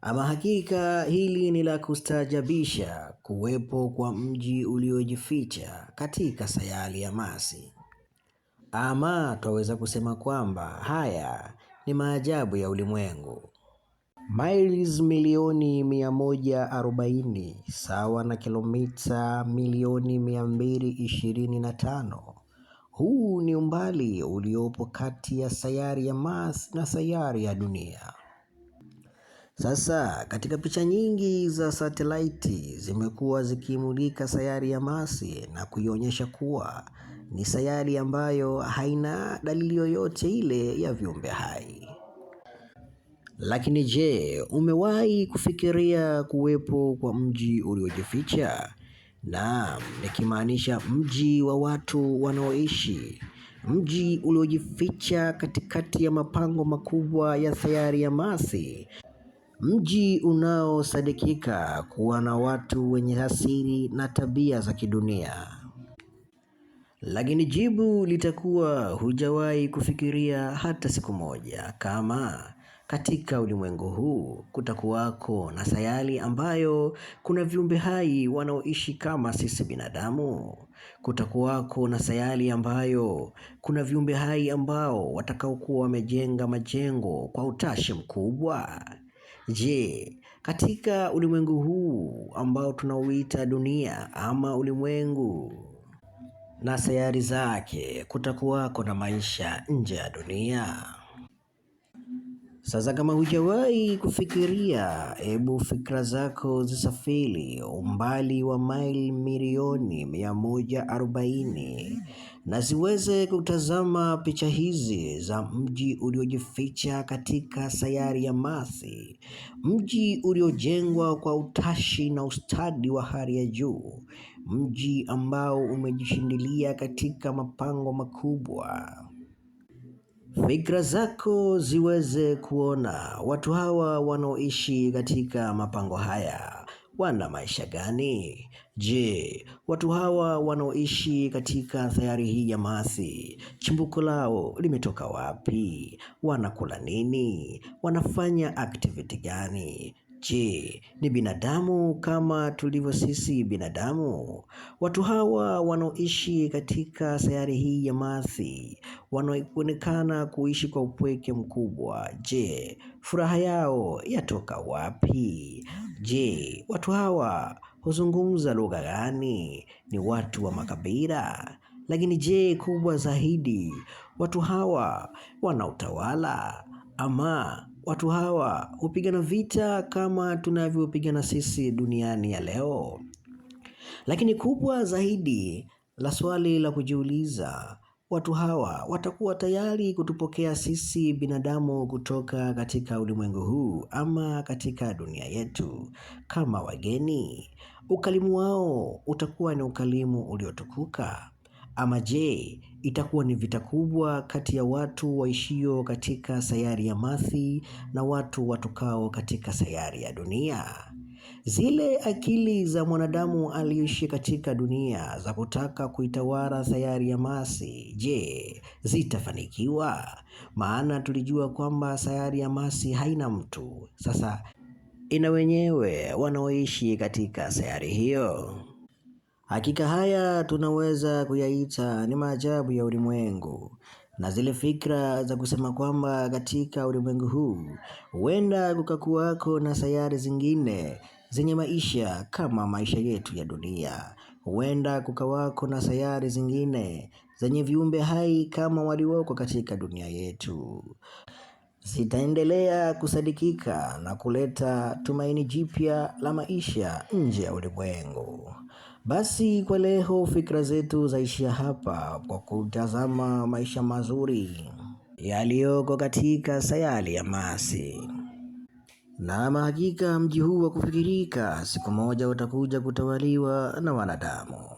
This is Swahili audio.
Ama hakika hili ni la kustaajabisha kuwepo kwa mji uliojificha katika sayari ya Mars. Ama twaweza kusema kwamba haya ni maajabu ya ulimwengu. Miles milioni 140 sawa na kilomita milioni 225. Huu ni umbali uliopo kati ya sayari ya Mars na sayari ya Dunia. Sasa katika picha nyingi za satelaiti zimekuwa zikimulika sayari ya Mars na kuionyesha kuwa ni sayari ambayo haina dalili yoyote ile ya viumbe hai. Lakini je, umewahi kufikiria kuwepo kwa mji uliojificha? Naam, nikimaanisha mji wa watu wanaoishi, mji uliojificha katikati ya mapango makubwa ya sayari ya Mars. Mji unaosadikika kuwa na watu wenye asili na tabia za kidunia. Lakini jibu litakuwa hujawahi kufikiria hata siku moja kama katika ulimwengu huu kutakuwako na sayari ambayo kuna viumbe hai wanaoishi kama sisi binadamu. Kutakuwako na sayari ambayo kuna viumbe hai ambao watakaokuwa wamejenga majengo kwa utashi mkubwa, Je, katika ulimwengu huu ambao tunauita dunia ama ulimwengu na sayari zake, kutakuwako na maisha nje ya dunia? Sasa kama hujawahi kufikiria, hebu fikra zako zisafiri umbali wa maili milioni 140 na ziweze kutazama picha hizi za mji uliojificha katika sayari ya Mars, mji uliojengwa kwa utashi na ustadi wa hali ya juu, mji ambao umejishindilia katika mapango makubwa fikra zako ziweze kuona watu hawa wanaoishi katika mapango haya wana maisha gani? Je, watu hawa wanaoishi katika sayari hii ya maasi, chimbuko lao limetoka wapi? Wanakula nini? Wanafanya activity gani? Je, ni binadamu kama tulivyo sisi binadamu? Watu hawa wanaoishi katika sayari hii ya Mars wanaonekana kuishi kwa upweke mkubwa. Je, furaha yao yatoka wapi? Je, watu hawa huzungumza lugha gani? Ni watu wa makabila? Lakini je, kubwa zaidi, watu hawa wana utawala ama Watu hawa hupigana vita kama tunavyopigana sisi duniani ya leo. Lakini kubwa zaidi la swali la kujiuliza, watu hawa watakuwa tayari kutupokea sisi binadamu kutoka katika ulimwengu huu ama katika dunia yetu kama wageni? Ukalimu wao utakuwa ni ukalimu uliotukuka ama je, itakuwa ni vita kubwa kati ya watu waishio katika sayari ya Mathi na watu watokao katika sayari ya dunia? Zile akili za mwanadamu aliishi katika dunia za kutaka kuitawala sayari ya Masi, je, zitafanikiwa? Maana tulijua kwamba sayari ya Masi haina mtu. Sasa ina wenyewe wanaoishi katika sayari hiyo. Hakika haya tunaweza kuyaita ni maajabu ya ulimwengu na zile fikra za kusema kwamba katika ulimwengu huu huenda kukakuwako na sayari zingine zenye maisha kama maisha yetu ya dunia. Huenda kukawako na sayari zingine zenye viumbe hai kama walioko katika dunia yetu. Zitaendelea kusadikika na kuleta tumaini jipya la maisha nje ya ulimwengu. Basi kwa leo fikra zetu zaishia hapa kwa kutazama maisha mazuri yaliyoko katika sayari ya masi Na mahakika mji huu wa kufikirika siku moja utakuja kutawaliwa na wanadamu.